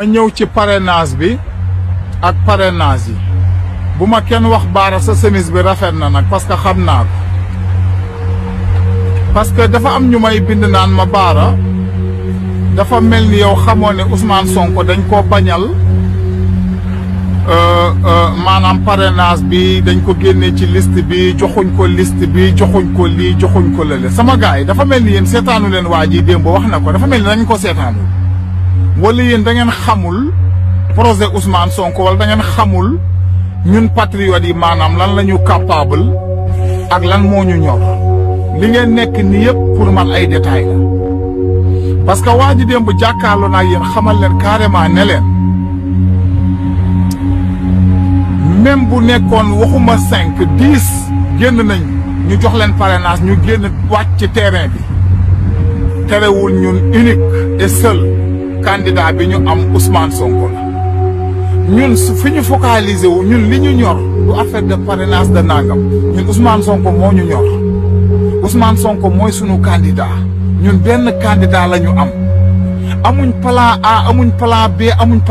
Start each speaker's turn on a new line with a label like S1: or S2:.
S1: ma ñëw ci parrainage bi ak parrainage yi bu ma kenn wax baara sa semis bi rafet na nag parce que xam naa ko parce que dafa am ñu may bind naan ma baara dafa mel ni yow xamoo ne Ousmane Sonko dañ koo bañal euh, euh, maanaam parrainage bi dañ ko génne ci liste bi joxuñ ko liste bi joxuñ ko lii joxuñ ko lële sama gars yi dafa mel ni yéen seetaanu leen waa ji démb wax na ko dafa mel ni dañ ko seetaanu wala yeen da ngeen xamul projet Ousmane Sonko wala da ngeen xamul ñun patriote yi manam lan lañu capable ak lan moo ñu ñor li ngeen nek ni yëpp pour man ay détail la parce que waji demb démb na yeen xamal leen carrément ne leen même bu nekkoon waxuma 5 10 genn nañ ñu jox leen parrainage ñu genn wacc terrain bi terewul ñun unique et seul candidat bi ñu am Ousmane Sonko ñun su fi ñu focaliser wu ñun li ñu ñor du affaire de parrainage de nangam ñun Ousmane Sonko moo ñu ñor Ousmane Sonko mooy sunu candidat ñun benn candidat lañu am amuñ plan A amuñ plan B amuñ.